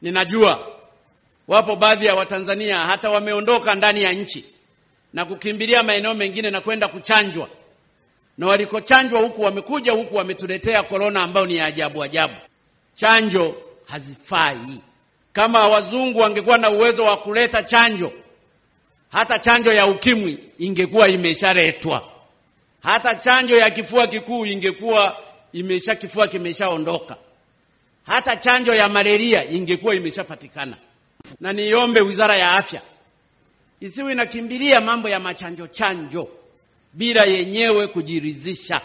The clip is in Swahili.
Ninajua wapo baadhi ya Watanzania hata wameondoka ndani ya nchi na kukimbilia maeneo mengine na kwenda kuchanjwa, na walikochanjwa huku wamekuja huku wametuletea korona ambayo ni ya ajabu ajabu. Chanjo hazifai. Kama wazungu wangekuwa na uwezo wa kuleta chanjo, hata chanjo ya ukimwi ingekuwa imeshaletwa, hata chanjo ya kifua kikuu ingekuwa imesha, kifua kimeshaondoka hata chanjo ya malaria ingekuwa imeshapatikana. Na niombe wizara ya afya isiwe inakimbilia mambo ya machanjo chanjo bila yenyewe kujiridhisha.